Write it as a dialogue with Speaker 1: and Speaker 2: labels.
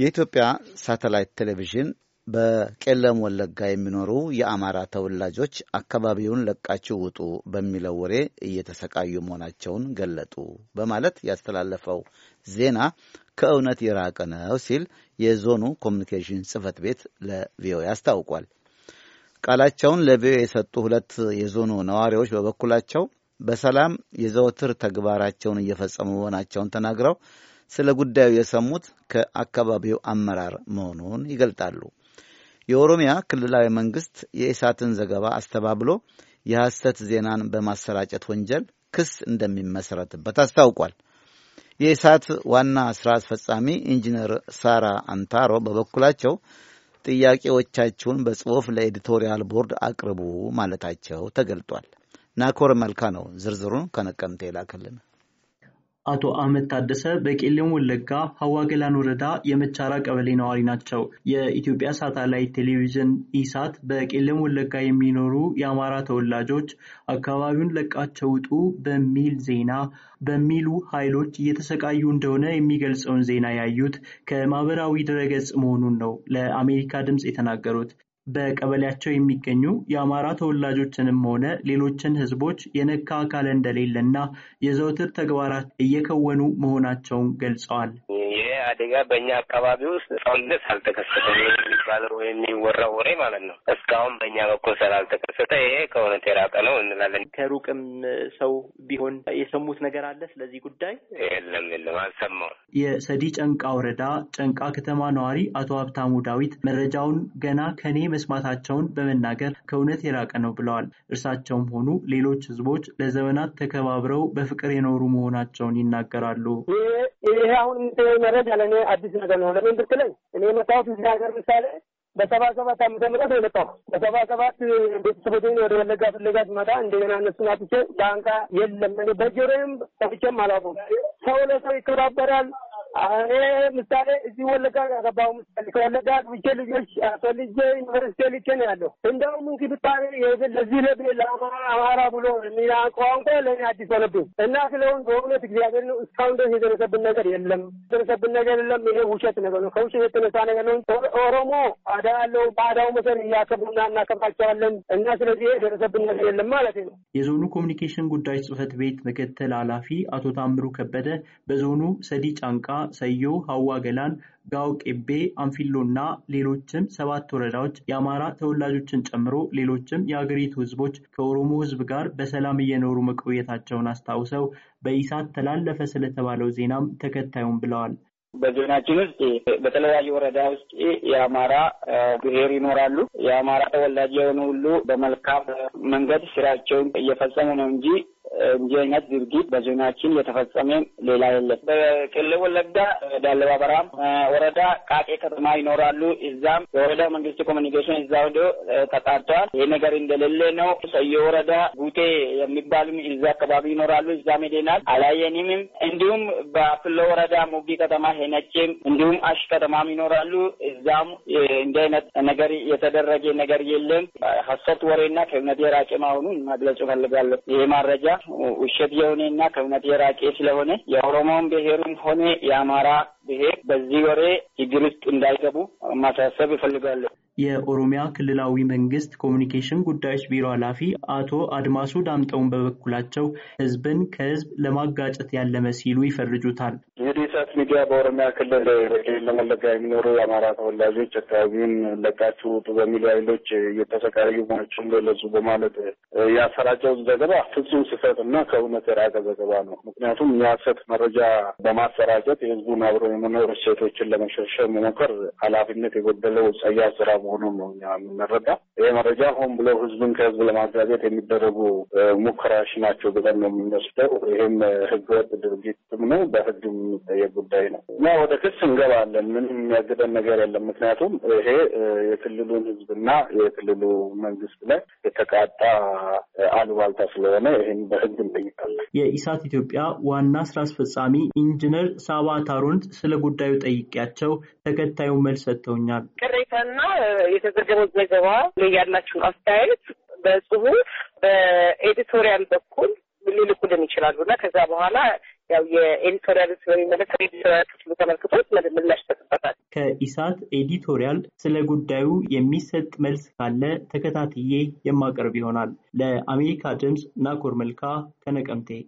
Speaker 1: የኢትዮጵያ ሳተላይት ቴሌቪዥን በቄለም ወለጋ የሚኖሩ የአማራ ተወላጆች አካባቢውን ለቃችሁ ውጡ በሚለው ወሬ እየተሰቃዩ መሆናቸውን ገለጡ በማለት ያስተላለፈው ዜና ከእውነት የራቀ ነው ሲል የዞኑ ኮሚኒኬሽን ጽህፈት ቤት ለቪኦኤ አስታውቋል። ቃላቸውን ለቪኦኤ የሰጡ ሁለት የዞኑ ነዋሪዎች በበኩላቸው በሰላም የዘወትር ተግባራቸውን እየፈጸሙ መሆናቸውን ተናግረው ስለ ጉዳዩ የሰሙት ከአካባቢው አመራር መሆኑን ይገልጣሉ። የኦሮሚያ ክልላዊ መንግስት የኢሳትን ዘገባ አስተባብሎ የሐሰት ዜናን በማሰራጨት ወንጀል ክስ እንደሚመሠረትበት አስታውቋል። የኢሳት ዋና ሥራ አስፈጻሚ ኢንጂነር ሳራ አንታሮ በበኩላቸው ጥያቄዎቻችሁን በጽሑፍ ለኤዲቶሪያል ቦርድ አቅርቡ ማለታቸው ተገልጧል። ናኮር መልካ ነው ዝርዝሩን ከነቀምቴ ላከልን።
Speaker 2: አቶ አህመድ ታደሰ በቄለም ወለጋ ሀዋገላን ወረዳ የመቻራ ቀበሌ ነዋሪ ናቸው። የኢትዮጵያ ሳተላይት ቴሌቪዥን ኢሳት በቄለም ወለጋ የሚኖሩ የአማራ ተወላጆች አካባቢውን ለቃቸው ውጡ በሚል ዜና በሚሉ ኃይሎች እየተሰቃዩ እንደሆነ የሚገልጸውን ዜና ያዩት ከማህበራዊ ድረገጽ መሆኑን ነው ለአሜሪካ ድምፅ የተናገሩት። በቀበሌያቸው የሚገኙ የአማራ ተወላጆችንም ሆነ ሌሎችን ህዝቦች የነካ አካል እንደሌለና የዘወትር ተግባራት እየከወኑ መሆናቸውን ገልጸዋል።
Speaker 3: አደጋ በእኛ አካባቢ ውስጥ እስካሁን አልተከሰተም የሚባለው የሚወራው ወሬ ማለት ነው። እስካሁን በእኛ በኩል
Speaker 2: ስላልተከሰተ ይሄ ከእውነት የራቀ ነው እንላለን። ከሩቅም ሰው ቢሆን የሰሙት ነገር አለ ስለዚህ ጉዳይ የለም የለም አልሰማው። የሰዲ ጨንቃ ወረዳ ጨንቃ ከተማ ነዋሪ አቶ ሀብታሙ ዳዊት መረጃውን ገና ከኔ መስማታቸውን በመናገር ከእውነት የራቀ ነው ብለዋል። እርሳቸውም ሆኑ ሌሎች ህዝቦች ለዘመናት ተከባብረው በፍቅር የኖሩ መሆናቸውን ይናገራሉ።
Speaker 3: ይሄ አሁን የምታየው መረጃ ለእኔ አዲስ ነገር ነው። ለምን ብትለኝ እኔ የመጣሁት እዚህ ሀገር ምሳሌ በሰባ ሰባት ዓመተ ምህረት ነው የመጣሁ። በሰባ ሰባት ቤተሰቦቼን ወደ ወለጋ ፍለጋ ስመጣ እንደገና እነሱን አጥቼ ዳንቃ የለም እኔ በጆሮዬም ሰምቼም አላውቅም። ሰው ለሰው ይከባበራል። እኔ ምሳሌ እዚህ ወለጋ ገባሁ። ምሳሌ ከወለጋ ግብቼ ልጆች ፈልጄ ዩኒቨርሲቲ ልኬ ነው ያለው። እንደውም እንክብካቤ ለዚህ ለብ አማራ ብሎ ሚና ቋንቋ ለእኔ አዲስ ሆነብኝ እና ስለሆን በእውነት እግዚአብሔር ነው እስካሁን ድረስ የደረሰብን ነገር የለም። የደረሰብን ነገር የለም። ይሄ ውሸት ነገር ነው። ከውሸት የተነሳ ነገር ነው። ኦሮሞ አዳ ያለው በአዳው መሰል እያከብሩና እናከብራቸዋለን እና ስለዚህ የደረሰብን ነገር የለም ማለት ነው።
Speaker 2: የዞኑ ኮሚኒኬሽን ጉዳዮች ጽህፈት ቤት ምክትል ኃላፊ አቶ ታምሩ ከበደ በዞኑ ሰዲ ጫንቃ ሰዮ፣ ሀዋ ገላን፣ ጋው ቄቤ፣ እና ሌሎችም ሰባት ወረዳዎች የአማራ ተወላጆችን ጨምሮ ሌሎችም የአገሪቱ ህዝቦች ከኦሮሞ ህዝብ ጋር በሰላም እየኖሩ መቆየታቸውን አስታውሰው በኢሳት ተላለፈ ስለተባለው ዜናም ተከታዩም ብለዋል።
Speaker 3: በዞናችን ውስጥ በተለያዩ ወረዳ ውስጥ የአማራ ብሔር ይኖራሉ። የአማራ ተወላጅ የሆኑ ሁሉ በመልካም መንገድ ስራቸውን እየፈጸሙ ነው እንጂ እንዲህ አይነት ድርጊት በዞናችን የተፈጸመ ሌላ የለም። በክልል ወለጋ ዳለባ በራም ወረዳ ቃቄ ከተማ ይኖራሉ። እዛም የወረዳ መንግስት ኮሚኒኬሽን እዛ ወደ ተጣርተዋል። ይህ ነገር እንደሌለ ነው። ሰየ ወረዳ ጉቴ የሚባሉም እዛ አካባቢ ይኖራሉ። እዛም ሄደናል፣ አላየንም። እንዲሁም በፍሎ ወረዳ ሙጊ ከተማ ሄነችም፣ እንዲሁም አሽ ከተማም ይኖራሉ። እዛም እንዲህ አይነት ነገር የተደረገ ነገር የለም። ሀሰት ወሬና ከእውነት የራቀ መሆኑን መግለጽ እፈልጋለሁ። ይሄ ማረጃ ውሸት የሆነና ከእውነት የራቄ ስለሆነ የኦሮሞን ብሔርም ሆነ የአማራ ብሔር በዚህ ወሬ ችግር ውስጥ እንዳይገቡ ማሳሰብ ይፈልጋለሁ።
Speaker 2: የኦሮሚያ ክልላዊ መንግስት ኮሚኒኬሽን ጉዳዮች ቢሮ ኃላፊ አቶ አድማሱ ዳምጠውን በበኩላቸው ህዝብን ከህዝብ ለማጋጨት ያለመ ሲሉ ይፈርጁታል።
Speaker 3: የዴሳት ሚዲያ በኦሮሚያ ክልል ለመለጋ የሚኖሩ የአማራ ተወላጆች አካባቢውን ለቃችሁ ውጡ በሚሉ ኃይሎች እየተሰቃዩ መሆናቸውን ገለጹ በማለት ያሰራጨው ዘገባ ፍጹም ስህተት እና ከእውነት የራቀ ዘገባ ነው። ምክንያቱም የሀሰት መረጃ በማሰራጨት የህዝቡን አብሮ የመኖር እሴቶችን ለመሸርሸር መሞከር ኃላፊነት የጎደለው ጸያፍ ስራ መሆኑን ነው እኛ የምንረዳ። ይህ መረጃ ሆን ብለው ህዝብን ከህዝብ ለማጋጨት የሚደረጉ ሙከራዎች ናቸው ብለን ነው የምንወስደው። ይህም ህገወጥ ድርጊትም ነው፣ በህግ የሚጠየቅ ጉዳይ ነው እና ወደ ክስ እንገባለን። ምንም የሚያግደን ነገር የለም። ምክንያቱም ይሄ የክልሉን ህዝብና የክልሉ መንግስት ላይ የተቃጣ አሉባልታ ስለሆነ ይህን በህግ እንጠይቃለን።
Speaker 2: የኢሳት ኢትዮጵያ ዋና ስራ አስፈጻሚ ኢንጂነር ሳባ ታሩንት ስለ ጉዳዩ ጠይቄያቸው ተከታዩ መልስ ሰጥተውኛል።
Speaker 3: ቅሬታና የተዘገበው ዘገባ ላይ ያላችሁን አስተያየት በጽሁፍ በኤዲቶሪያል በኩል ሊልኩልን ይችላሉ እና ከዛ በኋላ ያው የኤዲቶሪያል ስለሚመለከት ኤዲቶሪያል ክፍሉ ተመልክቶት ምላሽ ይሰጥበታል።
Speaker 2: ከኢሳት ኤዲቶሪያል ስለ ጉዳዩ የሚሰጥ መልስ ካለ ተከታትዬ የማቀርብ ይሆናል። ለአሜሪካ ድምፅ ናኮር መልካ ከነቀምቴ